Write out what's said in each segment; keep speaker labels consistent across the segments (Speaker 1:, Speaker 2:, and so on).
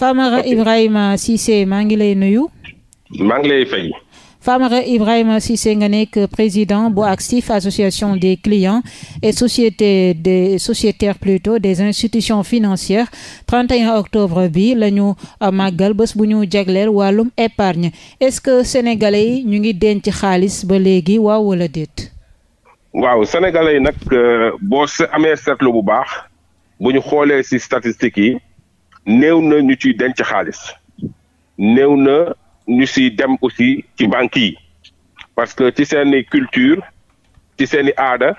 Speaker 1: Famara Ibrahima Cissé maa ngi lay nuyu.
Speaker 2: maa lay fay.
Speaker 1: Famara Ibrahima Cissé nga nekk président bu actif association des clients et société des sociétaires plutôt des institutions financières 31 octobre bi la ñu màggal bés bu ñu jagleel wàllum épargne est-ce que sénégalais yi ñu ngi denc xaalis ba léegi waaw wala déet.
Speaker 2: waaw sénégalais yi nag euh, boo amee seetlu bu baax bu ñu xoolee ci statistiques yi. néew na ñu ci denc xaalis néew na ñu siy dem aussi ci banque yi parce que ci seeni culture ci seeni aada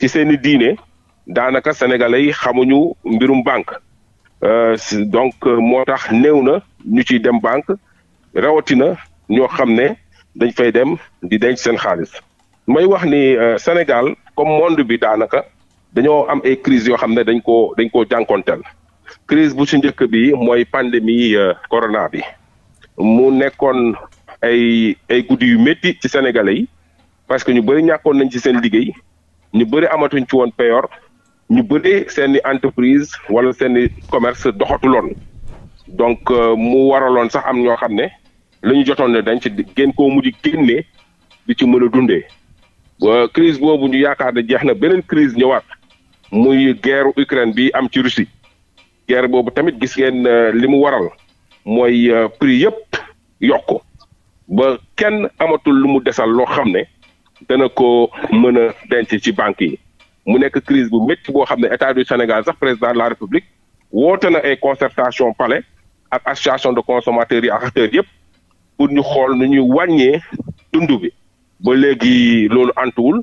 Speaker 2: ci seeni diine daanaka sénégalais yi xamuñu mbirum banque euh, donc euh, moo tax néew na ñu ci dem banque rawatina ñoo xam ne dañ fay dem di denc seen xaalis may wax ni euh, Sénégal comme monde bi daanaka dañoo am ay crises yoo xam ne dañ koo dañ koo jànkonteel crise bu ci njëkk bi mooy pandémie euh, corona bi mu nekkoon ay ay guddi yu métti ci sénégalais yi parce que ñu bëri ñàkkoon nañ ci seen liggéey ñu bëri amatuñ ci woon payor ñu bëri seeni entreprise wala seeni commerce doxatuloon donc euh, mu waraloon sax am ñoo xam ne lañu jotoon ne dañ ci génn koo mujj génne di ci mën a dundee crise boobu ñu yaakaar ne jeex na beneen crise ñëwaat muy geeru Ukraine bi am ci Russie guerre boobu tamit gis ngeen euh, li mu waral mooy euh, prix yëpp yokk ba kenn amatul lu mu desal loo xam ne dana ko mën a denc ci banque yi mu nekk crise bu métti boo xam ne état du Sénégal sax président de la république woote na ay concertation pale ak association de consommateurs yi ak acteurs yëpp pour ñu xool nu ñuy wàññee dund bi ba léegi loolu antuwul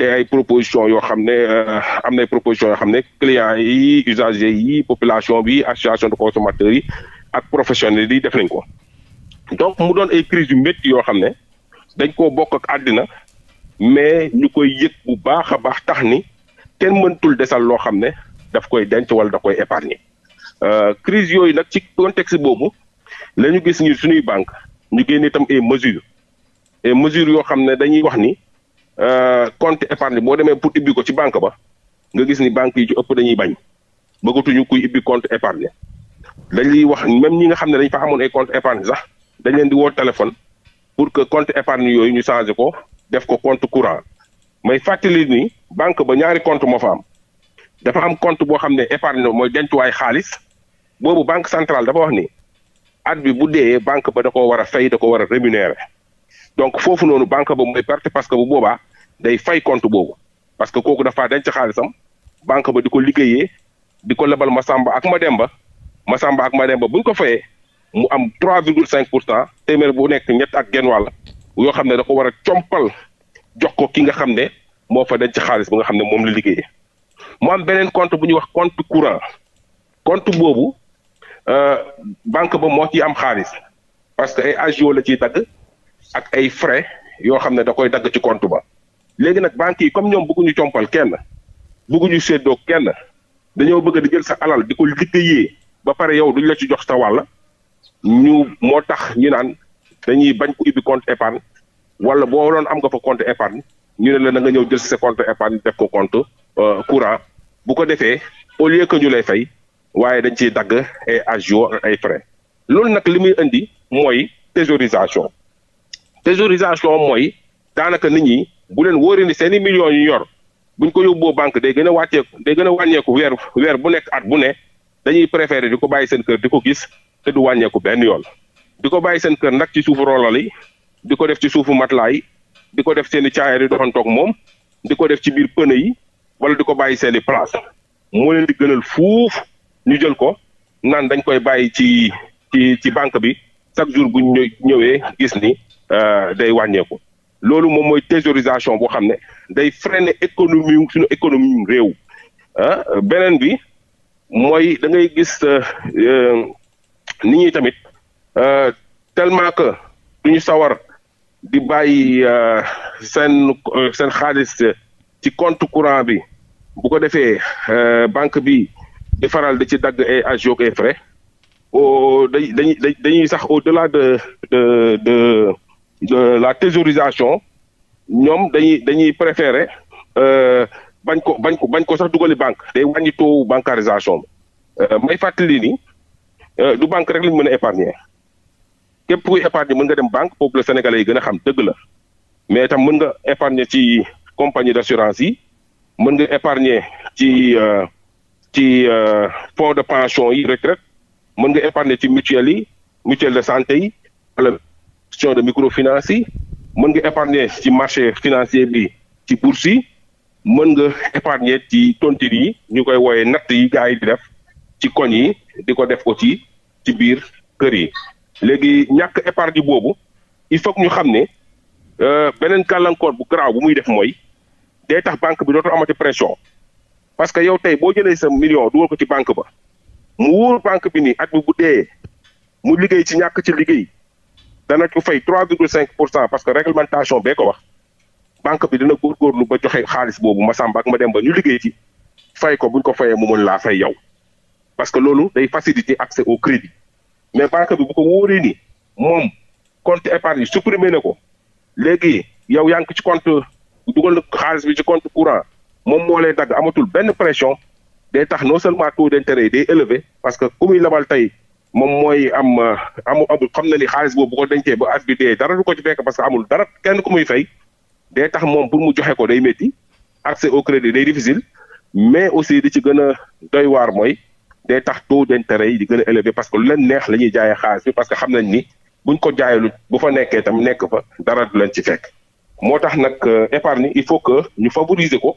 Speaker 2: te ay proposition yoo xam ne euh, am na ay proposition yoo xam ne clients yi usagers yi population bi association de consommateurs yi ak professionnels yi def nañ ko donc mu doon ay crise yu métti yoo xam ne dañ koo bokk ak àddina mais ñu koy yëg bu baax a baax tax ni ten mëntul desal loo xam ne daf koy denc wala da koy épargner euh, crise yooyu nag ci contexte boobu lañu gis ñun suñuy banque ñu génne itam ay mesures ay mesures yoo xam ne dañuy wax ni Euh, compte épargne boo demee pour ibbi ko ci banque ba nga gis ni banque yi ci ëpp dañuy bañ bëggatuñu kuy ibbi compte épargne dañuy wax même ñi nga xam ne dañ fa amoon ay compte épargne sax dañ leen di woo téléphone pour que compte épargne yooyu ñu changé ko def ko compte courant may fàttali ni banque ba ñaari compte moo am dafa am compte boo xam ne épargne mooy dencuwaay xaalis boobu banque centrale dafa wax ni at bi bu dee banque ba da ko war fay da ko war a rémunérer donc foofu noonu banque ba mooy perte parce que bu boobaa day fay compte boobu parce que kooku dafa ci xaalisam banque ba di ko liggéeyee di ko lebal Masamba ak ma ma Masamba ak ma Mademba bu buñ ko fayee mu am cinq pour cent téeméer bu nekk ñett ak genn wàll yoo xam ne da ko war a compal jox ko ki nga xam ne moo fa ci xaalis bu nga xam ne moom la liggéeyee mu am beneen compte bu ñuy wax compte courant compte boobu euh, banque ba moo ci am xaalis parce que ay agio la ciy dagg ak ay frais yoo xam ne da koy dagg ci compte ba. léegi nag banques yi comme ñoom bëgguñu compal kenn bëgguñu séddoo kenn dañoo bëgg di jël sa alal di ko liggéeyee ba pare yow duñ la ci jox sa wàll ñu moo tax ñu naan dañuy bañ ko ubbi compte épargne wala boo waroon am nga fa compte épargne ñu ne la na nga ñëw jël sa compte épargne def ko compte euh, courant bu ko defee au lieu que ñu lay fay waaye dañ ciy dagg ay ay frais loolu nag li muy indi mooy thésaurisation thésaurisation mooy daanaka nit ñi bu leen wóoree ni seen i millions yu yor buñ ko yóbboo banque day gën a wàcceeku day gën a wàññeeku weer weer bu nekk at bu ne dañuy préféré di ko bàyyi seen kër di ko gis te du wàññeeku benn yoon di ko bàyyi seen kër nag ci suufu rolal yi di ko def ci suufu matelas yi di ko def seen i caayaar yi doxantoog moom di ko def ci biir pneu yi wala di ko bàyyi seen i place moo leen di gënal fuuf ñu jël ko naan dañ koy bàyyi ci ci ci banque bi chaque jour bu ñëwee gis ni euh, day wàññeeku. loolu moom mooy thésaurisation boo xam ne day freiner économie sunu économie réew ah beneen bi mooy da ngay gis euh, euh, nit ñi tamit euh, tellement que duñu sawar di bàyyi seen seen xaalis ci compte courant bi bu ko defee banque bi di faral di ci dagg ay agios et frais dañuy dañuy sax au delà de de de. la thésaurisation ñoom dañuy dañuy préférer euh, bañ ko bañ ko bañ ko sax dugali banque day wàññi taux bancarisation bi euh, may fàttali ni euh, du banque rek lañ mën a épargner képp kuy épargner mën nga dem banque pour sénégale yi gën a xam dëgg la mais tam mën nga épargner ci compagnie d'assurance yi mën nga épargner ci ci fonds de pension yi rek retraite mën nga épargner ci mutuelle yi mutuelle de santé yi gestion de microfinance yi mën nga épargner ci marché financier bi ci bourse yi mën nga épargner ci tontine yi ñu koy wooyee natt yi gars yi di def ci koñ yi di ko def ko ci biir kër yi léegi ñàkk épargne boobu il faut ñu xam ne euh, beneen gàllankoor bu garaaw bu muy def mooy day tax banque bi dootul amati pression parce que yow tey boo jëlee sa million dugal ko ci banque ba mu wóor banque bi ni at mi bu dee mu liggéey ci ñàkk ci liggéey dana ko fay trois virgule cinq pour cent parce que réglementation bee ko wax banque bi dina góorgóorlu ba joxe xaalis boobu ma sàmb ma dem ba ñu liggéey ci fay ko buñ ko fayee mu mën laa fay yow parce que loolu day faciliter accès au crédit mais banque bi bu ko wóoree ni moom compte épargne supprimé ne ko léegi yow yaa ngi ci compte dugal xaalis bi ci compte courant moom moo lay dagg amatul benn pression day tax non seulement taux d'intérêt yi day élevé parce que ku muy labal tey moom mooy am euh, amul amul xam na ni xaalis boobu ko ko dencee ba at bi dara du ko ci fekk parce que amul dara kenn ku muy fay day tax moom pour mu joxe ko day métti accès au crédit day difficile mais aussi di ci gën a doy waar mooy day tax taux d'intérêt yi di gën a élevé parce que lu neex la ñuy jaayee xaalis bi parce que xam na ni buñ ko jaayalu bu fa nekkee tam nekk fa dara du leen ci fekk moo tax nag euh, épargne il faut que ñu favoriser ko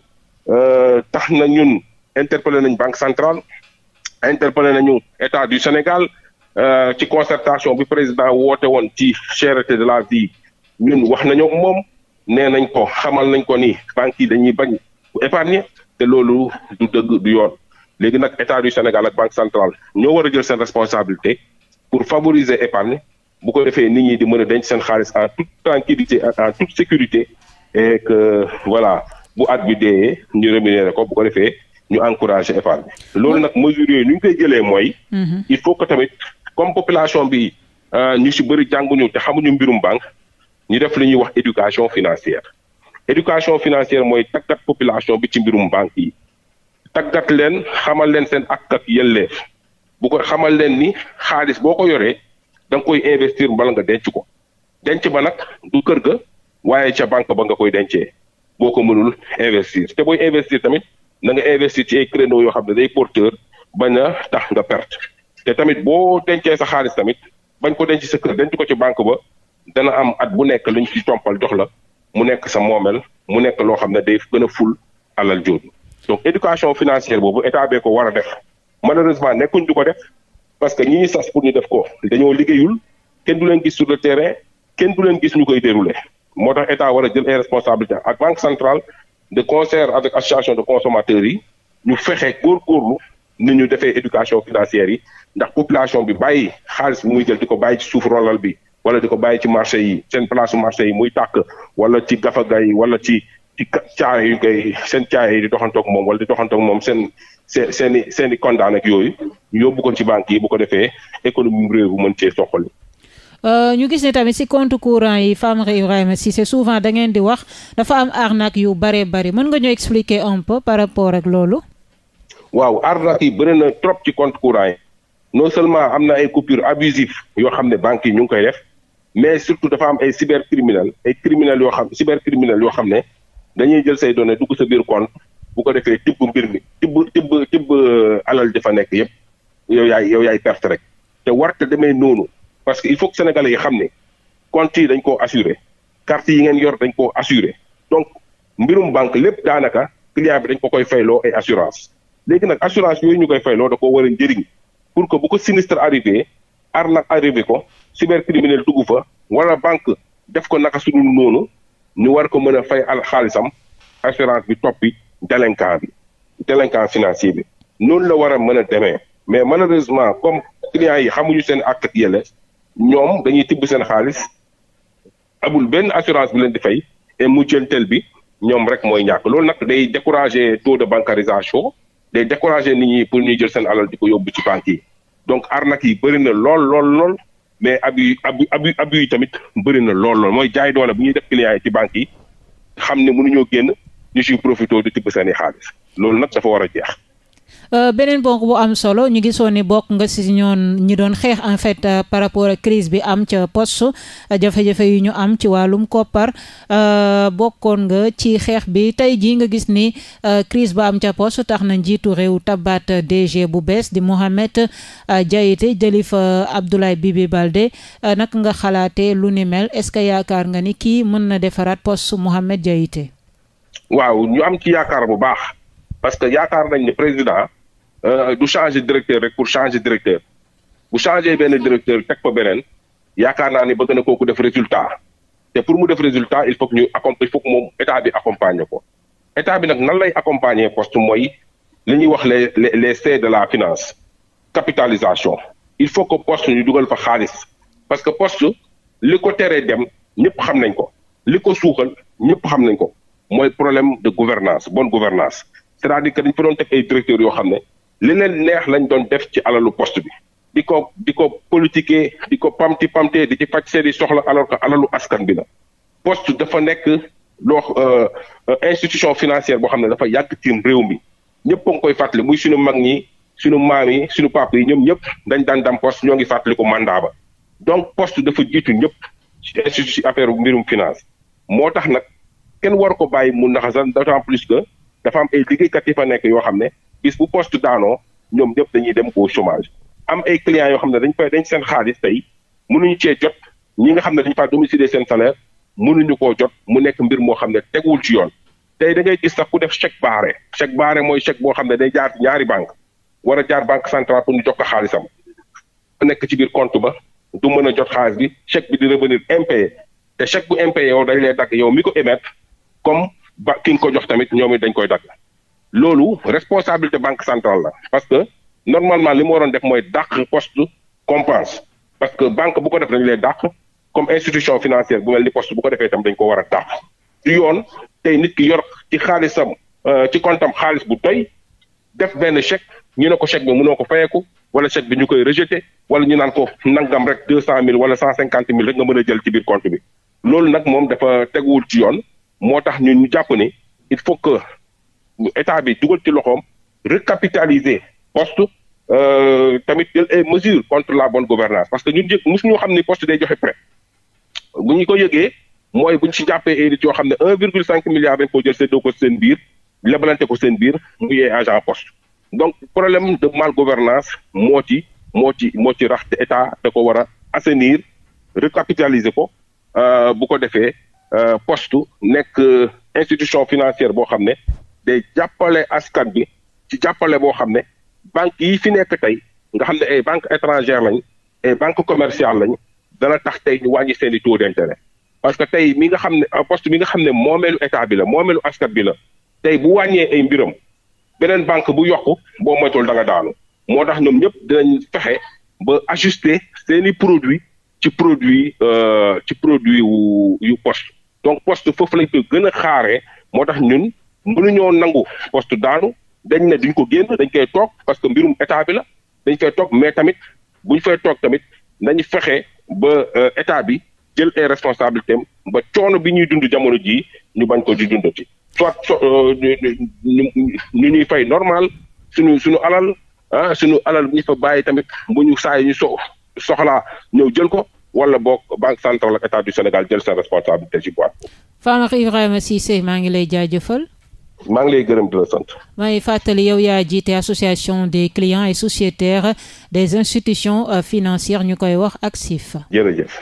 Speaker 2: euh, tax na ñun interpellé nañ banque centrale interpellé nañu état du Sénégal Euh, ci concertation bi président woote woon ci cherté de la vie ñun wax nañoo ak moom nee nañ ko xamal nañ ko ni banques yi dañuy bañ bu épargner te loolu du dëgg du yoon léegi nag état du Sénégal ak banque centrale ñoo war a jël seen responsabilité pour favoriser épargne bu ko defee nit ñi di mën a denc seen xaalis en toute tranquillité en toute sécurité et que voilà bu at bi dee ñu rémunéré ko bu ko defee ñu encourager épargne loolu nag mesures yooyu nu ñu koy jëlee mooy mhm. comme population bi euh, ñu si bëri jànguñu te xamuñu mbirum banque ñu def li ñuy wax éducation financière éducation financière mooy tàggat population bi ci mbirum banque yi tàggat leen xamal leen seen ak ak yelleef bu ko xamal leen ni xaalis boo ko yoree danga koy investir bala nga denc ko denc ba nag du kër ga waaye ca banque ba nga koy dencee boo ko mënul investir te booy investir tamit na nga investir ci ay créneaux yoo xam ne day porteur bañ a tax nga per te tamit boo dencee sa xaalis tamit bañ ko denc sa kër denc ko ci banque ba dana am at bu nekk luñ ci tompal jox la mu nekk sa moomeel mu nekk loo xam ne day gën a ful alal jooju donc éducation financière boobu état bee ko war a def malheureusement nekkuñ du ko def parce que ñi ñu sas pour ñu def ko dañoo liggéeyul kenn du leen gis sur le terrain kenn du leen gis ñu koy dérouler moo tax état war a jël ay responsabilités ak banque centrale de concert avec association de consommateurs yi ñu fexe góorgóorlu ni ñu defee éducation financière yi ndax population bi bàyyi xaalis bi muy jël di ko bàyyi ci suuf rolal bi wala di ko bàyyi ci marché yi seen place marché yi muy tàkk wala ci gafaga yi wala ci ci caare yu koy seen caare yi di doxantoog moom wala di doxantoog moom seen seen seen i seen ak yooyu ñu yóbbu ko ci banque yi bu ko defee économie réew bu mën cee soxali
Speaker 1: euh, ñu gis ne tamit si compte courant yi Famara si Cissé souvent da ngeen di wax dafa am arnaque yu bëree bëri mën nga ñu expliquer un peu par rapport ak loolu
Speaker 2: waaw arnaque bëri na trop ci compte courant yi non seulement am na ay coupures abusives yoo xam ne banques yi ñu ngi koy def mais surtout dafa am ay cybercriminel ay criminels yoo xam cybercriminel yoo xam ne dañuy jël say données dugg sa biir compte bu ko defee tibb mbir mi tibb tibb tibb euh, alal dafa nekk yëpp yow yaay yow yaay perte rek te warte demee noonu parce que il faut que sénégalais xam ne compte yi dañ ko assurer carte yi ngeen yor dañ koo assurer donc mbirum banque lépp daanaka client bi dañ ko koy fayloo ay assurance léegi nag assurance yooyu ñu koy fayloo da koo war a njëriñ pour que bu ko sinistre arrivé arnaque arrivé ko cybercriminel dugg fa wala banque def ko naka sudul noonu ñu war ko mën a fay al xaalisam assurance bi toppi délinquant bi délinquant financier bi noonu la war a mën a demee mais malheureusement comme clients yi xamuñu seen ak yele ñoom dañuy tibb seen xaalis abul benn assurance bi leen di fay et mutuel tel bi ñoom rek mooy ñàkk loolu nag day décourager taux de bancarisation day décourager nit ñi pour ñuy jël seen alal di ko yóbbu ci banque yi donc arnaque yi bëri na lool lool lool mais abus abus abus abus yi tamit bëri na lool lool mooy jaay doole bu ñuy def client ci banque yi xam ne mënuñoo génn ñu siy profité di tibb seen i xaalis loolu nag dafa war a jeex.
Speaker 1: Euh, beneen bonk bu am solo ñu gisoon ni bokk nga si ñoon ñi doon xeex en fait euh, par rapport a crise bi am ca poste euh, jafe-jafe yu ñu am ci wàllum koppar bokkoon nga ci xeex bi tey jii nga gis ni crise ba am ca poste tax na njiitu réew tabaat DG bu bees di Mohamed Diaité jëli fa Abdoulaye Bibi Baldé nga xalaatee lu ni mel est-ce que yaakaar nga ni kii mën na defaraat poste Mohamed
Speaker 2: ñu am ci yaakaar bu baax parce que yaakaar nañ ne président euh, du changer directeur rek pour changer directeur bu changer benn directeur teg fa beneen yaakaar naa ne bëgg na kooku def résultat te pour mu def résultat il faut que ñu il faut moom état bi accompagner ko état bi nag nan lay accompagner poste mooy li ñuy wax les le les C de la finance capitalisation il faut que poste ñu dugal fa xaalis parce que post li ko teree dem ñëpp xam nañ ko li ko suuxal ñëpp xam nañ ko mooy problème de gouvernance bonne gouvernance c'est-à-dire dañ fa doon teg ay yoo xam ne li leen neex lañ doon def ci alalu post bi di ko di ko politiquer di ko pamti pamte di ci faj seen i soxla alors que alalu askan bi la poste dafa nekk loo euh, institution financière boo xam ne dafa yàgg ci réew mi ñëpp a ngi koy fàttali muy suñu mag ñi suñu maam yi suñu papa yi ñoom ñëpp dañ daan dam poste ñoo ngi ko mandaa ba donc post dafa jiitu ñëpp ci institut ci mbirum finance moo tax nag kenn war ko bàyyi mu naxasan d'autant plus que dafa am ay liggéeykat yi fa nekk yoo xam ne bis bu poste daanoo ñoom ñëpp dañuy dem au chômage am ay clients yoo xam ne dañ fay dañ seen xaalis tey mënuñu cee jot ñi nga xam ne dañ faa domicilier seen salaire mënuñu koo jot mu nekk mbir moo xam ne teguwul ci yoon tey da ngay gis sax ku def chèque barré chèque barré mooy chèque boo xam ne day jaar ñaari banque war a jaar banque centrale pour ñu jox ko xaalisam nekk ci biir compte ba du mën a jot xaalis bi cheque bi di revenir impayé te chèque bu impayé yow dañ lay dagg yow mi ko émettre comme ba ki ko jox tamit ñoom it dañ koy dagg loolu responsabilité banque centrale la parce que normalement li mu waroon def mooy dàq post compense parce que banque bu ko def dañu lay dàq comme institution financière bu mel ni poste bu ko defee tam dañ ko war a dàq du yoon tey nit ki yor ci xaalisam euh, ci tam xaalis bu doy def benn chèque ñu ne ko chèque bi mënoo ko fayeeku wala chèque bi ñu koy rejeté wala ñu naan ko nangam rek deux cent mille wala cent cinquante mille rek nga mën a jël ci biir bi loolu nag moom dafa teguwul ci yoon moo tax ñun ñu jàpp ni il faut que état bi dugal ci loxoom recapitaliser poste euh, tamit jël ay mesures contre la bonne gouvernance parce que ñun jëkk mosuñu xam ni poste day joxe prêt bu ñu ko yëgee mooy bu ñu si jàppee ay yoo xam ne 1,5 milliard dañ ko jël séddoo ko seen biir lebalante ko seen biir mm-hmm. mu yee agent poste donc problème de mal gouvernance moo ci moo ci moo ci rax te état da ko war a assainir recapitaliser ko euh, bu ko defee. Euh, poste nekk euh, institution financière boo xam ne day jàppale askan bi ci jàppale boo xam ne banque yii fi nekk tey nga xam ne ay banque étrangère lañ ay banque commerciale lañ dana tax tey ñu wàññi seen i taux parce que tey mi nga xam ne poste bi nga xam ne moomeelu état bila la moomeelu askan bi la tey bu wàññee ay mbiram beneen banque bu yokk boo moytul danga nga daanu moo tax ñoom ñëpp dinañ fexe ba ajuster seeni produit ci produit euh, ci produit wu yu poste donc poste foofu lañ koy gën a xaaree moo tax ñun mënuñoo nangu poste daanu dañ ne duñ ko génn dañ koy toog parce que mbirum état bi la dañ koy toog mais tamit buñ fay toog tamit nañu fexe ba euh, état bi jël ay responsabilités ba coono bi ñuy dund jamono jii ñu bañ ko dund di dundati soit euh, ñu ñuy fay normal suñu suñu alal ah suñu alal ñu fa bàyyi tamit bu ñu saa yi ñu soxlaa ñëw jël ko wala boog banque centrale ak état du Sénégal jël seen responsabilité ci boîte boobu.
Speaker 1: Famara si Cissé maa ngi lay jaajëfal.
Speaker 2: maa ngi lay gërëm di la sant.
Speaker 1: may fàttali yow yaa jiite association des clients et sociétaires des institutions euh, financières ñu koy wax ACSIF.
Speaker 2: jërëjëf.